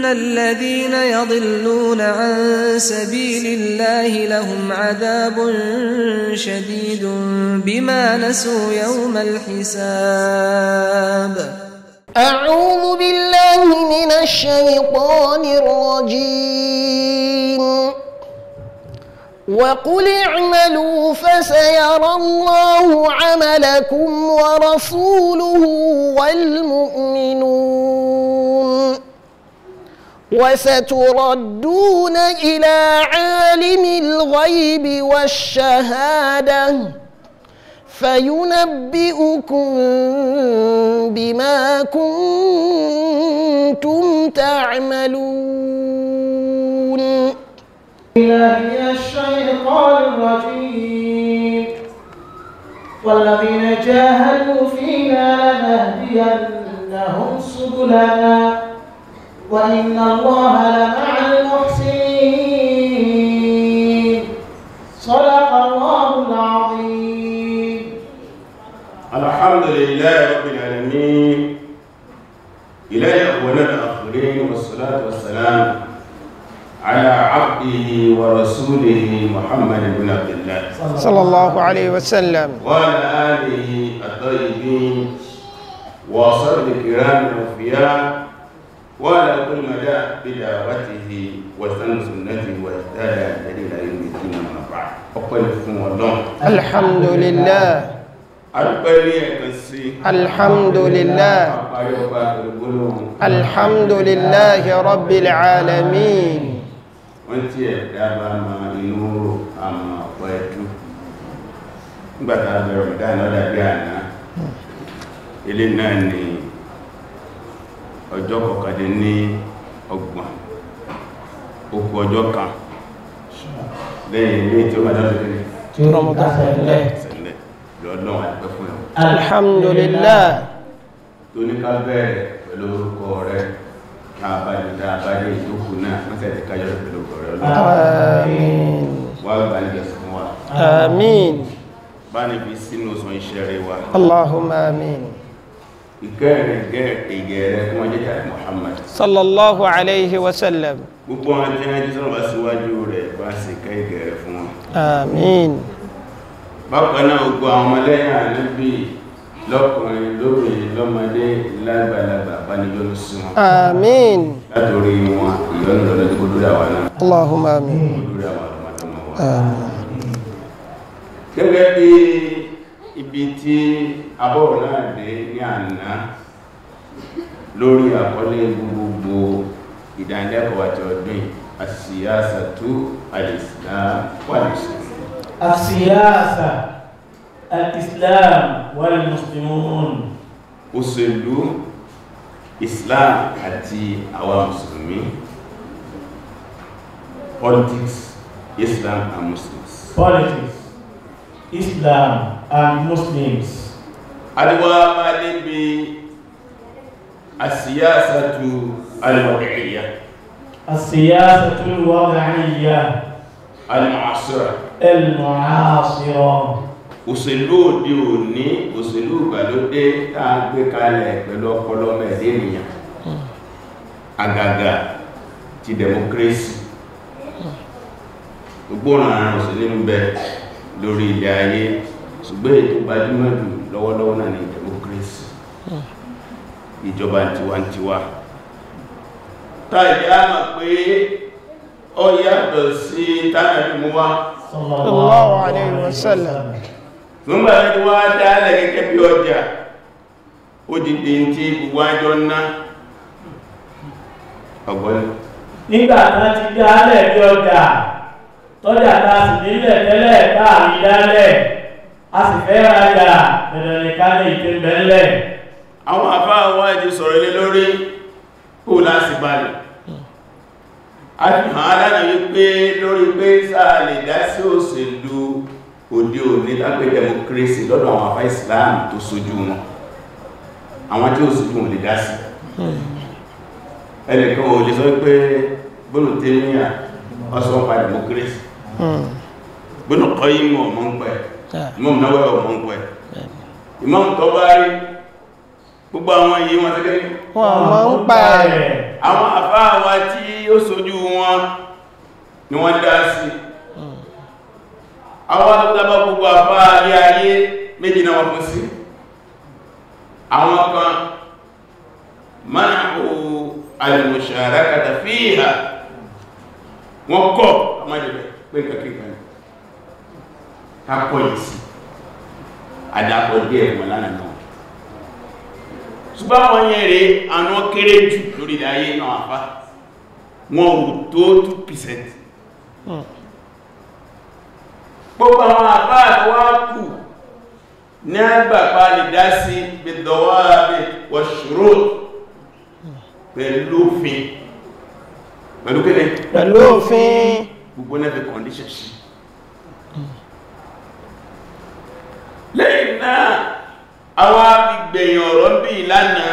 إن الذين يضلون عن سبيل الله لهم عذاب شديد بما نسوا يوم الحساب أعوذ بالله من الشيطان الرجيم وقل اعملوا فسيرى الله عملكم ورسوله والمؤمنون وستردون إلى عالم الغيب والشهادة فينبئكم بما كنتم تعملون الشيطان الرجيم والذين جاهدوا فينا لنهدينهم سبلنا وإن الله لمع المحسنين صدق الله العظيم الحمد لله رب العالمين إلهي أولنا الآخرين والصلاة والسلام على عبده ورسوله محمد بن عبد الله صلى الله عليه وسلم وعلى آله الطيبين وصحبه الكرام الأوفياء ولا قم جاء بدعوته وسن سنته واهتدى دليل علم الدين ما بعد الحمد لله الحمد لله الحمد لله رب العالمين وانت يا دابا ما نور اما بيتو بدا رمضان ولا بيانا ọjọ́ kọkàndín ní ọgbọ̀n okù ọjọ́ kan lẹ́yìn ní tí ó bá dájú kiri tí ó bá sẹ̀lẹ̀ sẹ̀lẹ̀ lọ́nà àìpẹ́ fún ẹ̀ alhamdulillah tó ní ká bẹ̀rẹ̀ pẹ̀lú orúkọ rẹ̀ káàbájúdá àbájé ìtókù náà mọ́sẹ̀ ti kájọ́ pẹ̀lú orúkọ rẹ̀ àmín wà gbàlẹ̀ fún wa bá ní sínú sọ iṣẹ́ rẹ̀ wa ìkẹrin ìgẹ̀ẹ̀rẹ̀ fún ọjọ́jà Muhammad sallallahu alaihi wasallam gbogbo wọn tí wọ́n jí sọ́rọ̀ bá síwájú rẹ̀ bá sì kẹ́ ìgẹ̀ẹ̀rẹ̀ fún wọn amin bákan náà gbogbo àwọn ọmọlẹ́yìn ànábì lọ́kùnrin lóbìnrin lọ́mọdé lágbàlagbà bá ní yọ́nú sí wọn amin látòrí wọn ìyọ́nú lọ́dọ́ tó dúró àwọn náà allahumma amin gẹ́gẹ́ bí ibi tí abọ́rọ̀ náà dé ní àná lórí àkọlé gbogbogbò ìdánilẹ́kọ̀ọ́ àti ọdún àsíyásà tó al-Islam wal-Muslimun islam wal-Muslimun òṣèlú Islam àti àwa mùsùlùmí politics Islam and Muslims politics Islam and Muslims àríwá máa débi àsíyásàtù alìwàdìíyà àsíyásàtù alìwàdìíyà alìmọ̀ásíra alìmọ̀ásíra òṣèlú òde òní òṣèlú ìgbàlódé táa gbé kalẹ̀ pẹ̀lú ọpọlọ mẹ́ẹ̀dẹ́ ènìyàn àgàgà ti democracy gbogbo ọ̀nà àrùn òṣèlú ń bẹ lórí ilẹ̀ ayé ṣùgbọ́n ètò gbajúmọ̀ lọ́wọ́lọ́wọ́ náà ni democracy hmm. ìjọba tiwantiwa tàbí a mọ̀ pé ó yàtọ̀ sí tánàbí mú wá sallallahu alayhi wa sallam túnbà ní wá dáálẹ̀ gẹ́gẹ́ bí ọjà ó dìde tí ìwájọ́ ná ọgbọ́n nígbà tán ti dáálẹ̀ bí ọjà tọ́jà ta sì nílẹ̀ tẹ́lẹ̀ káàrí dálẹ̀ a sì fẹ́ rajà dandan ní kálẹ̀ ìtẹ́bẹ̀ẹ́lẹ̀ àwọn àfá àwọn ìdí sọ̀rọ̀ ilé lórí kò láti balẹ̀ a fi hàn alára wípé lórí pé sáà lè dá sí òṣèlú òdí òní lápé democracy lọ́dọ̀ àwọn àfá Islam tó sojú wọn àwọn tí ó sojú wọn lè dá sí ẹnìkan ò lè sọ pé gbónú tèmíà ọsọ́ pa democracy gbónú kọ́ yí mọ̀ mọ́ ń pẹ̀lú Ah. imam náà wẹ́wẹ́ ọmọ nǹkan ẹ̀ imam tó bá rí gbogbo àwọn iye wọn tẹ́gẹ́ wọn mọ́ ń pa ẹ̀ àwọn àfáà wa tí ó sojú wọn ni wọ́n dá sí hmm. àwọn àtọ́tàbà gbogbo àfáà rí ayé méjì náà wọ́n fún sí àwọn kan manahu al-musharakata fiha wọ́n kọ́ àmájẹ̀bẹ̀ pé nǹkan kápọ̀ yìí sí àdàpọ̀ díẹ̀ wọn lánàá náà ṣùgbọ́n wọ́n yẹn rẹ̀ àwọn kéré jù lórí ayé náà àpá wọn ò tó 2% hmm. gbogbo àwọn àpá àtọwà kù ní àgbàpá lè dá sí gbẹ̀dọ̀wà rẹ̀ wọ̀ṣòro pẹ̀lú òfin pẹ̀lú òfin gbogbo náà fi condition sí lẹ́yìn náà àwọn agbègbèyàn ọ̀rọ̀ bí ìlànà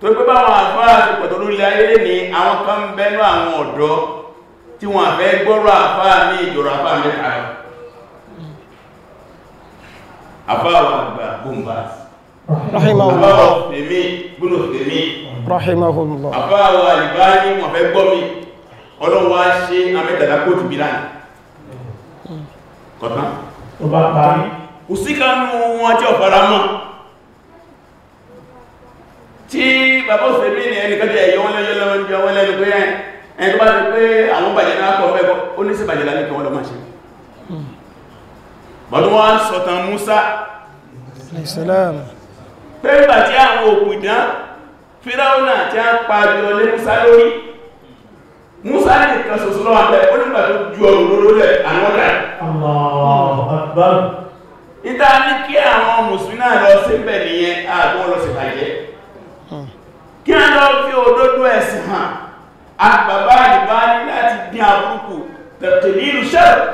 tó gbé bá wọn àfáà ti pẹ̀tọ̀ lórí ayé ní àwọn kan bẹ́nu àwọn ọ̀dọ́ tí wọ́n fẹ́ gbọ́rọ̀ àfáà ní ìjọ̀rọ̀ àfáà mẹ́ta àfáà wọn àgbà gbọ́mbà rahimahullah fèmí gbọ́nà fèmí rahimahullah àfáà wọn àlìbá ní wọ́n fẹ́ gbọ́ mi ọlọ́wọ́ ṣe amẹ́tàlákòtù bí lánàá kọ̀tán tó bá parí kò sí kánú wọn tí ọ̀fara mọ́ tí bàbá òsèlú ní ẹnìkan jẹ́ ẹ̀yọ́ wọ́n lẹ́nu pé ẹni tó bá ti pé àwọn bàjẹ́ náà kọ̀ mẹ́kọ́ ó ní sí bàjẹ́ lálẹ́ kí wọ́n lọ máa ṣe bọ́dún wọ́n sọ̀tàn Musa pé ìgbà tí àwọn òkú ìdán Fíráúnà tí a ń pa jùlọ lé Musa lórí Musa nìkan ṣoṣo lọ́wọ́ abẹ́ ó nígbà tó ju ọrùn lórí rẹ̀ àwọn ọ̀dà ìta ní kí àwọn mùsùlùmí náà lọ sí bẹ̀ nìyẹn àgbọn lọ sí bàjẹ́ kí a lọ fi òdodo ẹ̀sìn hàn àgbàbá ìbá ní láti dín àbúrúkù tẹ̀tẹ̀lì ìlú ṣẹ́rù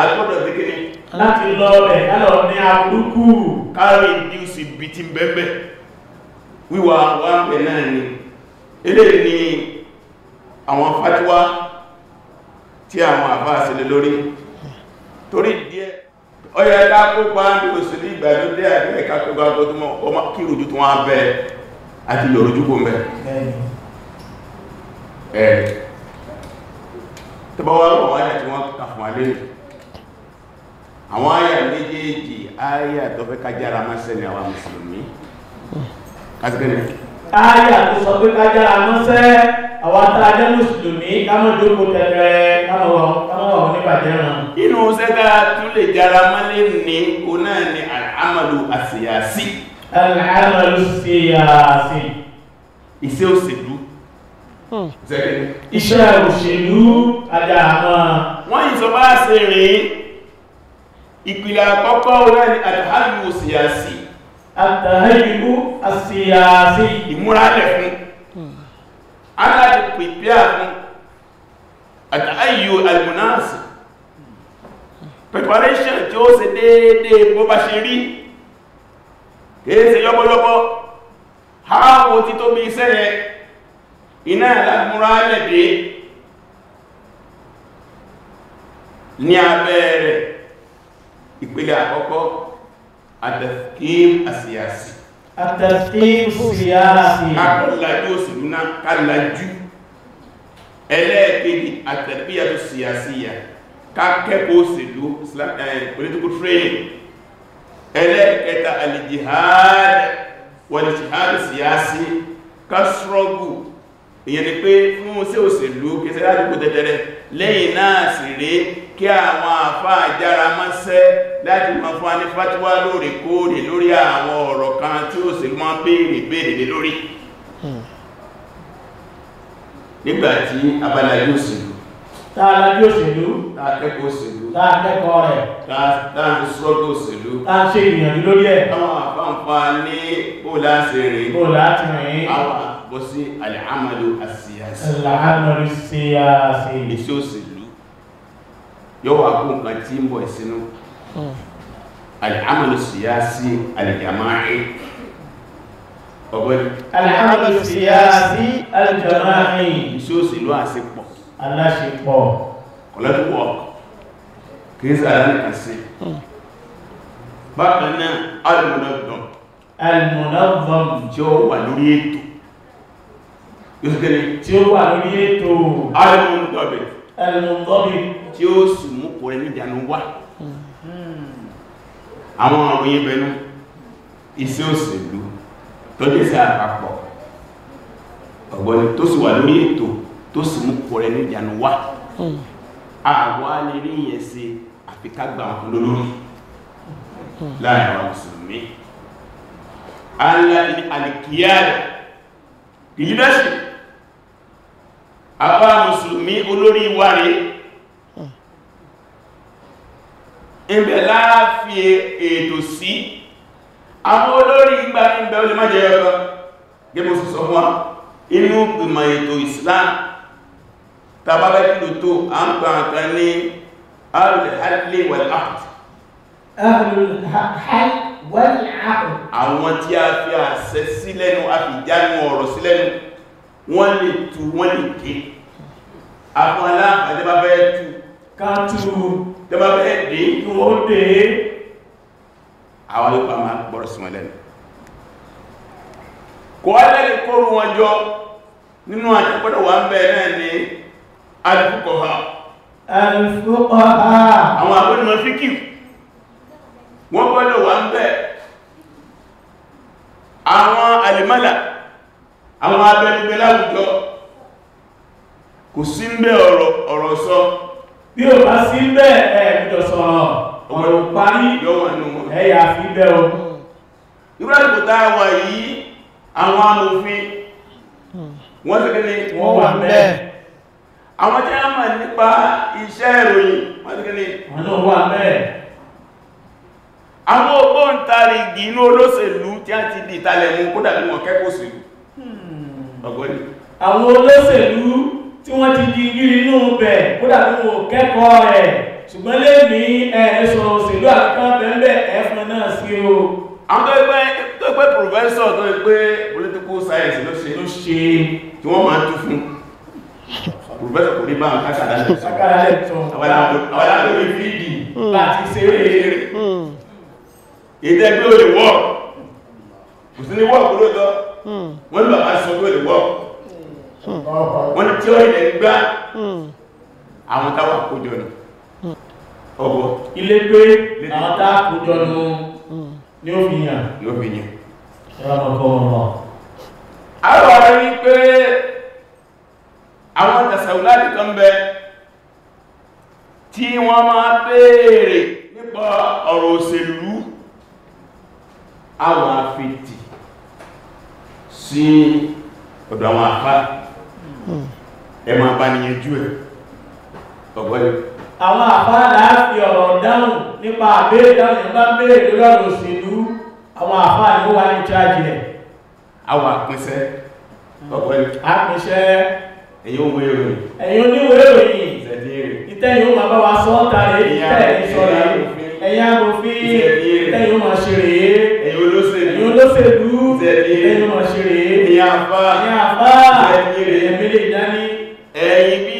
àgbọ́dọ̀ dékèrè láti lọ rẹ̀ lálọ́ ní àbúrúkù kárí ìdíùsì bí ti bẹ́ẹ̀bẹ́ wíwà wà pẹ̀ náà ni ilé ni àwọn fàtíwá tí àwọn àbá sílẹ̀ lórí torí díẹ̀ ọyọ ẹ̀dá kópa ní oṣù ní ìgbàlódé àbí ẹ̀ka tó bá gbọ́dọ̀ mọ́ ọmọ kí rojú tó wọ́n bẹ àti yọ̀rọ̀jú kó mẹ́ ẹ̀ tó bá wọ́n wọ́n ayà tí wọ́n kà fún alẹ́ àwọn ayà méjèèjì ayà tó fẹ́ kájára máa sẹ́ni àwọn mùsùlùmí kásìkẹ́ni ayà tó sọ pé kájára máa sẹ́ àwọn tààjẹ́ mùsùlùmí kámọ̀ jókòó tẹ̀rẹ̀ kámọ̀ wọn inú sẹ́dá tún lè jára mọ́lé ní o náà ni al'amalu asiyasi al'amalu siyasi iṣẹ́ òṣèlú hmm. iṣẹ́ òṣèlú adáàmà wọ́n yìí sọ bá ṣe rèé ìpìlẹ̀ àkọ́kọ́ náà ni al'amalu siyasi àtàhìlú asiyasi ìmúralẹ̀ fún hmm. aláàdì pìpìà fún àtàáyò almunasi preparation tí ó ṣe déédéé bó bá ṣe rí kìí ṣe yọ́bọ́yọ́bọ́ háàwò tí tó bí iṣẹ́ yẹ iná alágbúnra lẹ́dẹ́ ní abẹ́ẹ̀rẹ̀ ìpele àkọ́kọ́ àtàkìm àsíyàsí àtàkìm síyàsí akọ́lájú òṣèlú náà kálàjú ẹlẹ́ẹ̀kejì àtẹ̀bíyà tó síyàsíyà kákẹ́kọ̀ọ́ òṣèlú political training ẹlẹ́ẹ̀kẹta alìjìháàdì wọlìjìháàdì síyàsí kásírọ́gù ìyẹn ni pé fún sí òṣèlú kẹsẹ̀ láti kò tẹ́tẹ́rẹ lẹ́yìn náà sì rí kí àwọn àfá àjára mọ́sẹ́ láti mọ́ fún ní fàtíwá lóòrèkóòrè lórí àwọn ọ̀rọ̀ kan tí òṣèlú máa béèrè béèrè lórí hmm nígbàtí abala yóò sílú tààlà yóò sílú tààkẹ́kọ̀ọ́ òṣèlú tààkẹ́kọ̀ọ́ rẹ̀ tààkẹ́ sọ́dọ̀ òṣèlú tààṣe ìyànjú lórí ẹ̀ àwọn àpáǹpá ní bóòlá sí rìn bóòlá ti rìn àwọn àpọ̀ sí alìhámàlú àsíyàsí alìhámàlú síyàsí iṣẹ́ òṣèlú yóò wà kún kan tí ń bọ̀ ìsinú alìhámàlú síyàsí alìjàmáà ọgbẹ́ni alhamalu siyasi aljama'i tí ó sì lọ àṣepọ̀ aláṣepọ̀ collective work kìí sára nìkan sí hmm. bákan náà almunazam almunazam tí ó wà lórí ètò yóò kéré tí ó hmm. àwọn àrùn yìí bẹnu tó lè ṣe àpapọ̀ ọ̀gbọ́n tó sì wà lórí ètò tó sì mú kọ rẹ ní ìyànú wá hmm. àwọn alẹ́rí yẹn ṣe àfikágbà wọn lólórí hmm. láàrin àwọn mùsùlùmí alìkíyàrẹ̀ ìlúdásì àbá mùsùlùmí olórí wa rẹ̀ ẹgbẹ̀ hmm. láàáfíẹ́ ètò sí àwọn olórí ìgbà ní ìgbà olè májẹ̀ ẹ̀rọ gẹ́gbọ́ sí sọ wọn inú ìgbìmọ̀ ètò Islam tàbábẹ́ kìlò tó a ń gbà nǹkan ní al-hal wal-aqd àwọn tí a fi àṣẹ sílẹ̀nu àwọn olùpá máa gbọ́rọ̀ sí wọn lẹ́nu kò wá lẹ́lẹ̀ kóòrò wọn jọ nínú àtẹ́gbọ́dọ̀ wà ń bẹ̀ẹ̀ náà ni alfuqaha alfuqaha àwọn àgbọ́dọ̀ fíkì wọ́n gbọ́dọ̀ wà ń bẹ̀ẹ̀ àwọn alìmọ́là àwọn abẹ́gbẹ́ láwùjọ kò sí ń bẹ ọ̀rọ̀ sọ bí ò bá sí ń bẹ ẹ̀ẹ́dọ̀ ọmọ yóò parí ẹ̀yà fíbẹ̀ o irú yi wà yìí àwọn amòfin wọ́n tẹ́kẹ́ ní wọ́n wà bẹ́ẹ̀ àwọn tí a nípa iṣẹ́ ìròyìn wọ́n tẹ́kẹ́ ní wọ́n wà bẹ́ẹ̀ àwọn olóṣèlú tí a ti di hmm. ti di inú ṣùgbọ́n lè ní ẹ̀ẹ́sọ̀ òṣèlú àkọ́tẹ́lẹ̀ ẹ̀fọn náà sí o àwọn tó ẹgbẹ́ tó ẹgbẹ́ professor tó ẹgbẹ́ political science ló ṣe ló ṣe tí wọ́n máa tún fún professor kò ní bá àwọn kákàdá lẹ́tọ̀ọ́ àwọn alábòrí fíìdì láti ṣe eré èdè ẹgbẹ́ olè wọ́ kò sí ní wọ́ kúrò lọ wọ́n ní bàbá sọ pé olè wọ́ hmm. wọ́n ní tí ó ilẹ̀ gbá hmm. àwọn táwà kójọ ni ọgbọ̀ ilé pé àwọn táàkùjọ ní mm. ó fi yàn yóò fi yàn àwọn ọ̀rẹ́ ní pé àwọn tẹ̀sẹ̀wùláti kan bẹ tí wọ́n máa béèrè nípa ọ̀rọ̀ òṣèlú àwọn afẹ́tì sí ọ̀dọ̀ àwọn àpá mm. ẹ máa bá níyànjú ẹ̀ ọ̀gbọ́lẹ̀ àwọn àfárá láàfi ọ̀rọ̀ dáhùn nípa àbẹ́rẹ̀ dáhùn nípa bẹ́rẹ̀ lórí ọ̀rọ̀ òṣèlú àwọn àfárá ni ó wà ní ìtìrájì rẹ̀ àwọn àpínṣẹ́ ọ̀pọ̀lú àpínṣẹ́ èyí òwe ìròyìn èyí oníwe ìròyìn ìtẹ́yìn ó máa bá wa sọ ọ́tàrí ìtẹ́yìn sọ̀rọ̀ ẹ̀yà amòfin ìtẹ́yìn ó máa ṣe rèé èyí olóṣèlú ìtẹ́yìn ó máa ṣe rèé ẹ̀yà àfá ẹ̀yà àfá ẹ̀yà mílẹ̀ ìdání ẹ̀yìn bí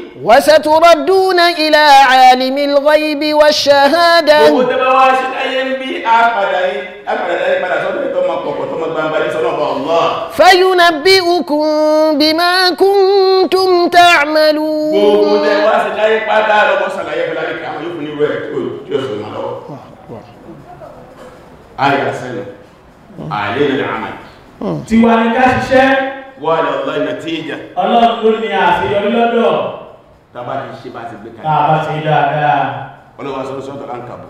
wàsàtúrọ̀dúnà ilà àlìmí lọ́yìnbí wà ṣàhádà. gbogbo tẹ́ bá wá ṣe láyé ń bí apàdà yìí apàdà yìí padà sọ́dọ̀ tó máa kọ̀kọ̀ tó máa gbangba ní sọ́nà ọba Allah. fayuna bí ukùn bí máa kún tún tá a mẹ́lú. gbogbo tẹ́ wá ṣe láyé padà lọ́wọ́ sàlàyé fẹ́lá ní kàwọn yóò fún ní rẹ̀ tó yóò sọ náà lọ́wọ́. ayé sẹ́nu ayé nínú àmà tiwa ni ká ṣiṣẹ́ wà lọ́lọ́ ìnà tí ìjà. ọlọ́run ló ní àṣeyọrí lọ́dọ̀ tàbá ti ṣe bá ti gbé kalẹ̀ tàbá ti dáadáa ọlọ́wà sọ sọ́tọ̀ àǹkàbù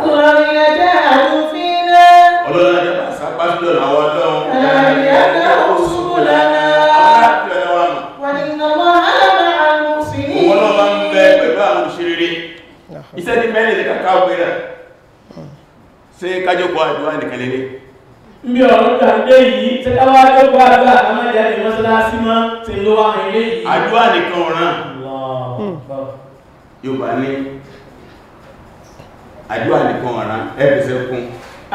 ọlọ́rin ẹjẹ́ àwọn fílẹ̀ ọlọ́rin ẹjẹ́ bá sápásílẹ̀ àwọn ọlọ́run ẹ̀rìn ẹjẹ́ òṣùgbò lánàá wà ní ìnàmọ́ àlàmà àwọn òṣìrí ọlọ́wà ń bẹ pẹ̀lú àwọn òṣìrí iṣẹ́ ti mẹ́rin ní kàkà ògbéra ṣe kájọpọ̀ àdúrà nìkan lélẹ̀ mbi ọ̀rọ̀ gbàgbé yìí tẹ́káwá tó yìí àdúrà nìkan ọ̀ràn Yorùbá ní àdúrà nìkan ọ̀ràn ẹ̀bì sẹ́kún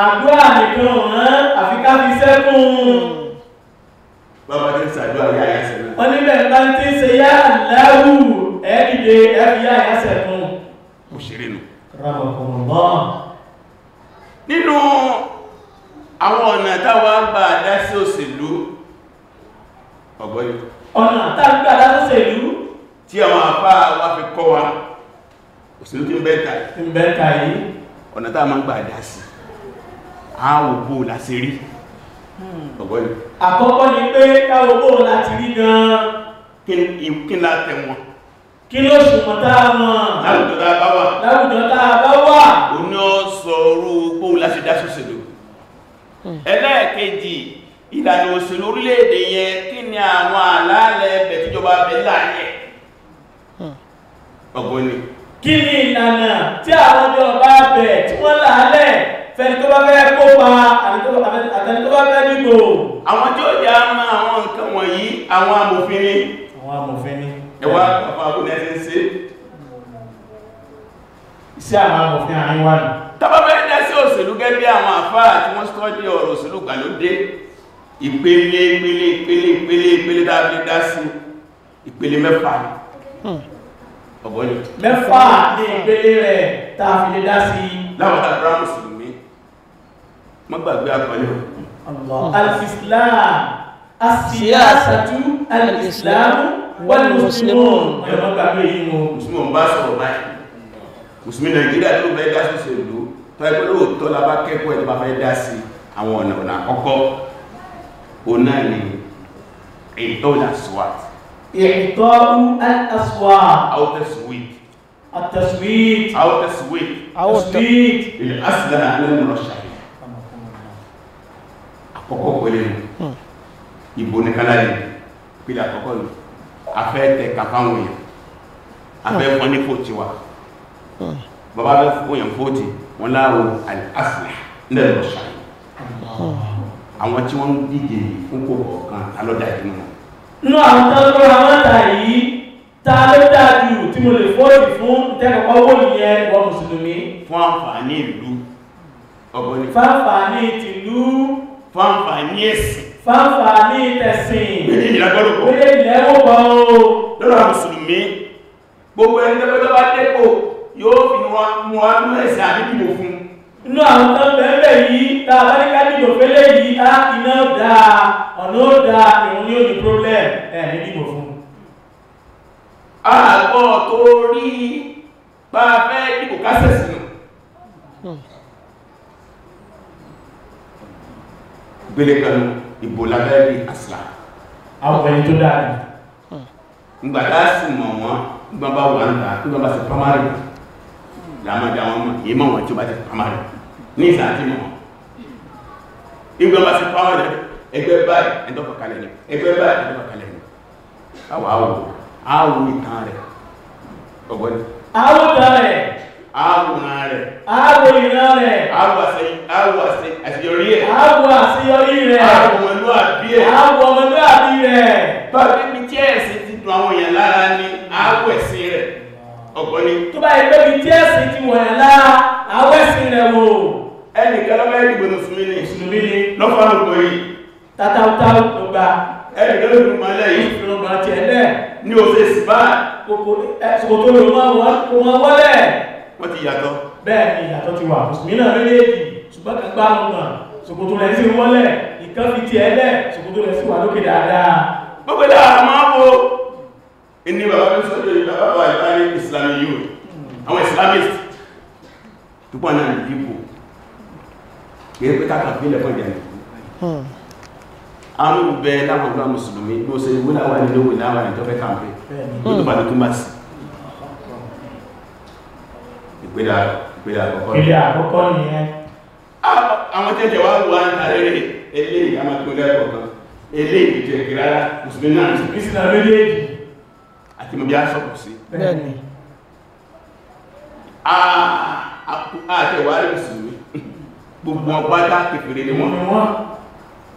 àdúrà nìkan ọ̀ràn àfi ká fi sẹ́kún bàbá tó ń sàdúrà yá yá sẹ́kún wọ́n níbẹ̀ bá ń tí ń ṣe yá láwù ẹ̀dìdè ẹ̀fì yá yá sẹ́kún mo ṣeré nù nínú àwọn ọ̀nà táwa gbà dá sí òṣèlú ọ̀gbọ́n ọ̀nà táwa gbà dá sí òṣèlú tí àwọn àpá wa fi kọ́ wa òṣèlú tí ń bẹ́ta yìí ń bẹ́ta yìí ọ̀nà tá a máa ń gbà dá sí àáwò bó láti rí ọ̀gbọ́n ni àkọ́kọ́ ni pé káwò bó láti rí gan-an kí ńlá tẹ wọn kí ló ṣùgbọ́n tá a mọ̀ láwùjọ tá a bá wà láwùjọ tá a bá wà ó ní ọ sọ orú bó láti dá sòṣèlú ẹlẹ́ẹ̀kejì ìlànà òṣèlú orílẹ̀-èdè yẹn ni kí ni ìlànà tí àwọn ọjọ́ ọba bẹ̀ tí wọ́n là á lẹ̀ fẹ́ni tó bá fẹ́ kópa àtẹni tó bá fẹ́ dìbò. àwọn tí ó jà ma àwọn nǹkan wọ̀nyí àwọn amòfin ni. àwọn amòfin ni. ẹwà bàbá abúlé ti ń ṣe. iṣẹ́ àwọn amòfin àárín wà ní. tọ́bá fẹ́ dá sí òṣèlú gẹ́gẹ́ bí àwọn àfáà tí wọ́n sọ́jú ọ̀rọ̀ òṣèlú gbàlódé ìpele ìpele ìpele ìpele ìpele dáadé dá ìpele mẹ́fà ọ̀bọ̀nyọ. mẹ́fà ní ìpele rẹ̀ tá a fi lè dá sí i. láwọn tàbí rámù sùnmí mọ́ gbàgbé akọ̀yọ̀. al-islam as-siyasatu al-islam wal-muslimun ẹ̀rọ gbàgbé yìí mọ́. mùsùlùmí bá sọ̀rọ̀ báyìí mùsùlùmí nàìjíríà ló fẹ́ dá sí òṣèlú tó ẹgbẹ́ lóòótọ́ la bá kẹ́kọ̀ọ́ ẹ̀ tó bá fẹ́ dá sí àwọn ọ̀nà ọ̀nà àkọ́kọ́ òun náà ni إعطاء الأصوات أو تسويت التسويت أو تسويت أو تسويت الأسدنة على المرشحين أقول لهم يبون كلامي بلا أقول أفتى كفاوي أفتى فني فوتي وا بابا فوتي فوتي ولا هو الأصلح للمرشحين أما تيوان ديجي فوكو كان على أ nínú àwọn tó ń lọ́ra mọ́ta yìí ta ló dáa jù tí mo lè fọ́ọ̀dì fún ìtẹ́kọ̀ọ́ owó nìyẹn wọ́n mùsùlùmí. fún àǹfààní ìlú ọ̀gbọ̀nì. fáǹfààní tìlú. fáǹfààní ẹ̀sìn. fáǹfààní tẹ̀sìn. méjèèjì lágbọ́dọ̀pọ̀. méjèèjì lẹ́wọ̀pọ̀ o. lọ́rọ̀ mùsùlùmí gbogbo ẹni tẹ́gbẹ́ bá dépò yóò fi wọn mú wọn nú ẹ̀sìn àdídìbò fún. inú àwọn tó ń bẹ̀ẹ́ bẹ̀ yìí tá a bá ní ká dìbò fẹ́lẹ́ yìí á iná dáa ọ̀nà ó dáa ní ó ní problem ẹ̀ ní ìbò fún àgbọ́ tó rí bá fẹ́ ìbò kásẹ̀sì gbélé pẹ̀lú ìbò lábẹ́rí àsìlá àwọn ẹni tó dáa ìgbàtà sì mọ̀ wọ́n gbọ́nbá wà ń ta gbọ́nbá sí primary lámọ́dé àwọn ọmọ yìí mọ̀ wọ́n tí ó bá ti primary ní ìsàtí mọ̀ wọ́n ẹgbẹ́ báyìí ẹ̀dọ́fàkalẹ̀ ni ẹgbẹ́ báyìí ẹ̀dọ́fàkalẹ̀ ni àwọ̀ àwọ̀ àwọ̀ ìtàn rẹ̀ ọgbọ́n àwọ̀ ìtàn rẹ̀ àwọ̀ ìran rẹ̀ àwọ̀ ìran rẹ̀ àwọ̀ àṣeyọrí rẹ̀ àwọ̀ àṣeyọrí rẹ̀ àwọ̀ ọmọlúwàbí rẹ̀ àwọ̀ ọmọlúwàbí rẹ̀ bàbá mi tí ẹ̀sìn ti dùn àwọn èèyàn lára ni àwọ̀ ẹ̀sìn rẹ̀ ọgbọ́n ni tó bá yẹ pé mi tí ẹ̀sìn ti wọ̀nyàn lára àwọ̀ ẹ̀sìn rẹ̀ wò ẹnìkan lọ́mọ ẹ̀dìgbò mùsùlùmí ni lọ́fọ̀ọ́ tátátá ló gba ẹ̀rẹ̀ ló lù mọ́lẹ̀ yìí fi ló gbọ́n tiẹ̀ lẹ̀ ní oṣù síbá kòkò tó lò wọ́n wọ́lẹ̀ wọ́n ti yàtọ̀ bẹ́ẹ̀ ni ìyàtọ̀ ti wà mùsùlùmí náà méjèèjì ṣùgbọ́n kan gbá wọn náà ṣòkòtò rẹ̀ sí wọ́lẹ̀ ìkan fi tiẹ̀ lẹ̀ ṣòkòtò rẹ̀ sí wà lókè dáadáa gbogbo dáa máa wo ní bàbá bí sọ́jọ́ ìbábáwà ìbáyé islamic youth àwọn islamist tó pọ̀ náà ìdíbò àrùn bẹ lápapọ̀ mùsùlùmí bó ṣe wílà wà nílò wílà wà ní tọ́fẹ́ kàǹpé tó tó bá ní túmọ̀sí ìpínlẹ̀ àkọ́kọ́ ìpínlẹ̀ àkọ́kọ́ nìyẹn àwọn tẹ́jẹ̀ wá wà ń tàrẹ́rẹ́ eléyìí a máa tó lẹ́ẹ̀kọ̀ kan eléyìí jẹ́ ìrárá mùsùlùmí náà ní sí náà lórílẹ̀-èdè àti mọ̀bí aṣọ́pù sí bẹ́ẹ̀ni àtẹ̀wárí mùsùlùmí gbogbo ọgbádá kèfèrè ni wọ́n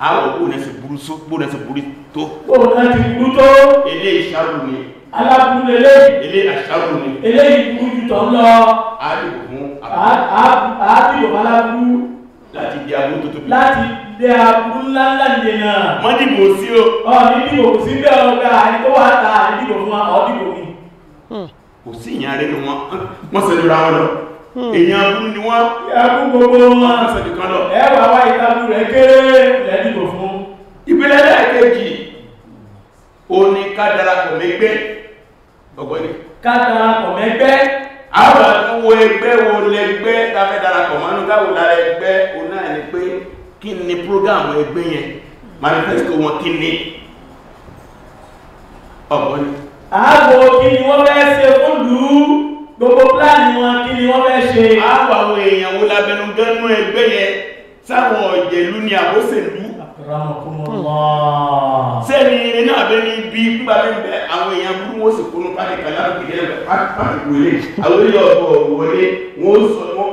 àwọ̀ bóò náà ṣe burú tó bóò náà ṣe burú tó bóò náà ti burú tó ilé ìṣàrù ni alábúlélé ilé ìṣàrù ni ilé ìburú jù tọ́ ń lọ àádìbò fún àádìbò alábú láti di aburú tó tóbi láti di aburú ńláńlá nìyẹn náà wọ́n dìbò sí o ọ ní dìbò sí bẹ́ẹ̀ ọ̀gá àìkó wà ta àdìbò fún ọ dìbò mi hmm. kò sí ìyàn rẹ̀ ni wọ́n sọ lóra Hmm. èèyàn abúrú ni wọ́n ẹkún gbogbo wọn àfẹ́dìkan lọ ẹwà wá ìtàbí rẹ̀ kéré lẹ́dìbò fún ìpínlẹ̀ lẹ́ẹ̀kejì ó ní ká darapọ̀ mẹ́gbẹ́ ọgbọ̀ni ká darapọ̀ mẹ́gbẹ́ àwọn àtúnwò ẹgbẹ́ wo lẹ́gbẹ́ tafẹ́ ni wọ́n fẹ́ ṣe fún lùú gbogbo pláàni wọn kí ni wọ́n fẹ́ ṣe àpà àwọn èèyàn wo labẹnu gánú ẹgbẹ́ yẹn sáwọn ọ̀jẹ̀lú ni àbóṣèlú sẹ́ni iná àbẹ́ni bí púpà mẹ́bẹ̀ àwọn èèyàn burú wọ́n sì kúnnú pàtàkì alábìgbẹ̀ pàtàkì wọlé àwọn ilé ọ̀bọ̀ wọlé wọ́n sọ wọ́n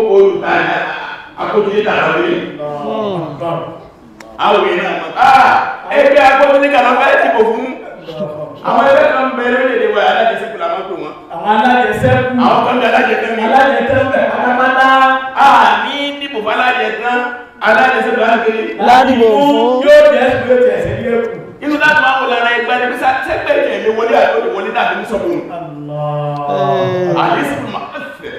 kó olùtàdà akójúlé tààrà wọlé àwọn èèyàn àmọ́ ẹgbẹ́ akójúlé tààrà wọlé ti kò fún àwọn ẹgbẹ́ kan bẹ̀rẹ̀ lè wà alájẹsíkù ń pè wọ́n. àwọn alájẹsẹ́kù. àwọn kan bẹ alájẹtán ni. alájẹtán bẹ pátápátá. a ní dìbò fún alájẹtán alájẹsẹ́kù alágbèrè. aládìbò fún. yóò jẹ́ yóò jẹ́ ẹ̀sẹ̀ ní ẹ̀kú. inú láti máa ń wọlé ara ẹgbẹ́ ni bísí sẹ́gbẹ́ ìjẹ̀ lé wọlé àti olè wọlé dàbí ní sọ́kùn. àlẹ́ sọ́kùn máa ń fẹ́.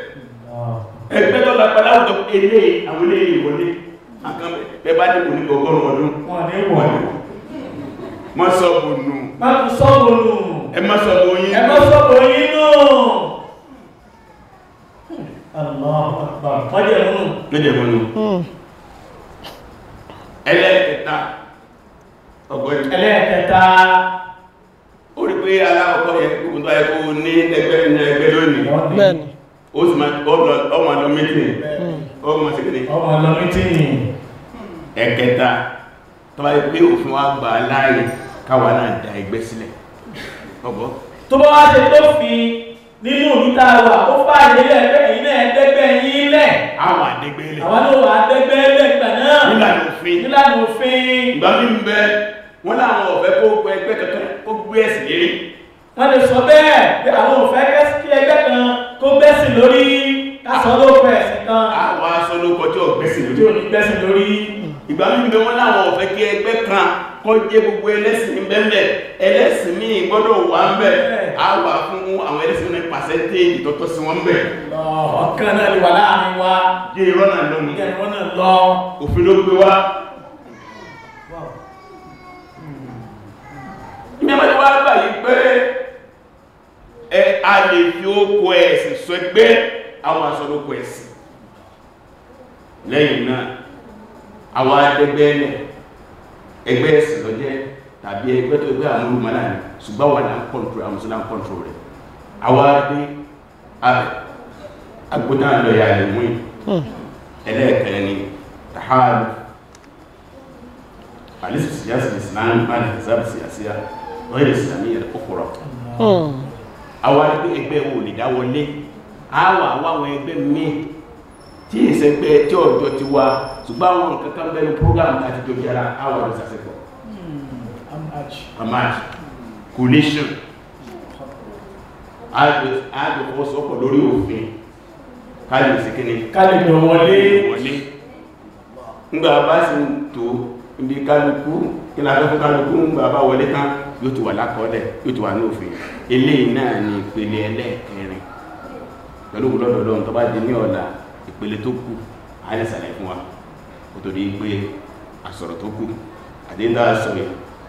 ẹgbẹ́ tó lọ pẹ́ láwùjọ ilé àwọn ilé ìwọlé bẹ́bá ní kò ní ọgọ́rùn ọdún wọ́n ní wọ́n ní wọ́n sọ bùnú ẹ má sọ wọ́n jẹ́ hmm. ẹlẹ́ẹ̀kẹta ẹlẹ́ẹ̀kẹta ó rí pé aláwọ̀kọ́ yẹ kúrò tó ayẹ́kú ní ẹgbẹ́ lónìí ó sì máa ọmọ ọmọ síkìní tó bá yẹ pé òfin wá gbà láàyè káwà náà dá ẹgbẹ́ sílẹ̀ ọgbọ́ tó bá wá ṣe tó fi nínú òdútà wà ó bá ìdílé ẹgbẹ́ yìí náà ẹ̀ẹ́dẹ́gbẹ́ yín lẹ̀. àwọn àdẹgbẹ́ lẹ̀. àwọn ló wà àdẹgbẹ́ lẹ̀ gbà náà. nílànà òfin. nílànà òfin. ìgbà mi ń bẹ wọn làwọn ọ̀fẹ́ kó gbẹ ẹgbẹ́ kankan kó gbé ẹ̀sìn lérí. wọ́n lè sọ bẹ́ẹ̀ pé àwọn òfẹ́ kí ẹgbẹ́ kan kó gbẹ́sìn lórí kásọ ló pẹ̀ ẹ̀sìn kan. àwọn aṣọ ló kọjọ gbẹ́sìn lórí. ìgbà mi ń bẹ wọn làwọn ọ̀fẹ́ kí ẹgbẹ́ kan á wà fún àwọn ẹlẹ́sìn ní pàṣẹ́ntéèjì tó sí wọn bẹ̀. ọ̀kan náà lè wà láàrin wa. jẹ́ irọ́ náà òfin ló gbé wá. ní hmm. wá gbà pé ẹ a lè fi ókò ẹ̀sìn sọ pé àwọn àsọ̀lókò ẹ̀sìn lẹ́yìn náà àwọn adẹgbẹ́ ẹgbẹ́ ẹ̀sìn lọ jẹ́ tàbí ẹgbẹ́ tó gbé àwọn olùmọ̀lá ni ṣùgbọ́n wà náà kọ́ntró àwọn ìṣẹ́lá kọ́ntró rẹ̀ àwa dé agbóná lọ́yà ìmú hmm. ẹlẹ́ẹ̀kẹ́ ni taharu alẹ́sù síyásí islam bani hisabu síyásíyá lọ́yà ìsìlámì yẹn kọ́kọ́rọ́ àwa dé ẹgbẹ́ wo lè dáwọlé àwa àwọn ẹgbẹ́ mi tí ìṣẹ́gbẹ́ tí ọjọ́ ti wá ṣùgbọ́n àwọn kankan bẹ́ẹ̀ ni program àti jọjára àwa lọ́sàsẹ́kọ̀ Hamad kò ní ṣùn àjòfọwọ́sọpọ̀ lórí òfin káàlù sí kíní káàlù wọlé ńgbà bá sì tó ibi kálukú kí lábẹ́ fún kálukú ńgbà bá wọlé tán yóò ti wà lákọọ́lẹ̀ yóò ti wà ní òfin náà ni ìpele ẹlẹ́ẹ̀kẹrin pẹ̀lú òwúlọ́dọ̀lọ́n tó bá di ní ọ̀la ìpele tó kù wa kò tó di pé àsọ̀rọ̀ tó kù àdéńdá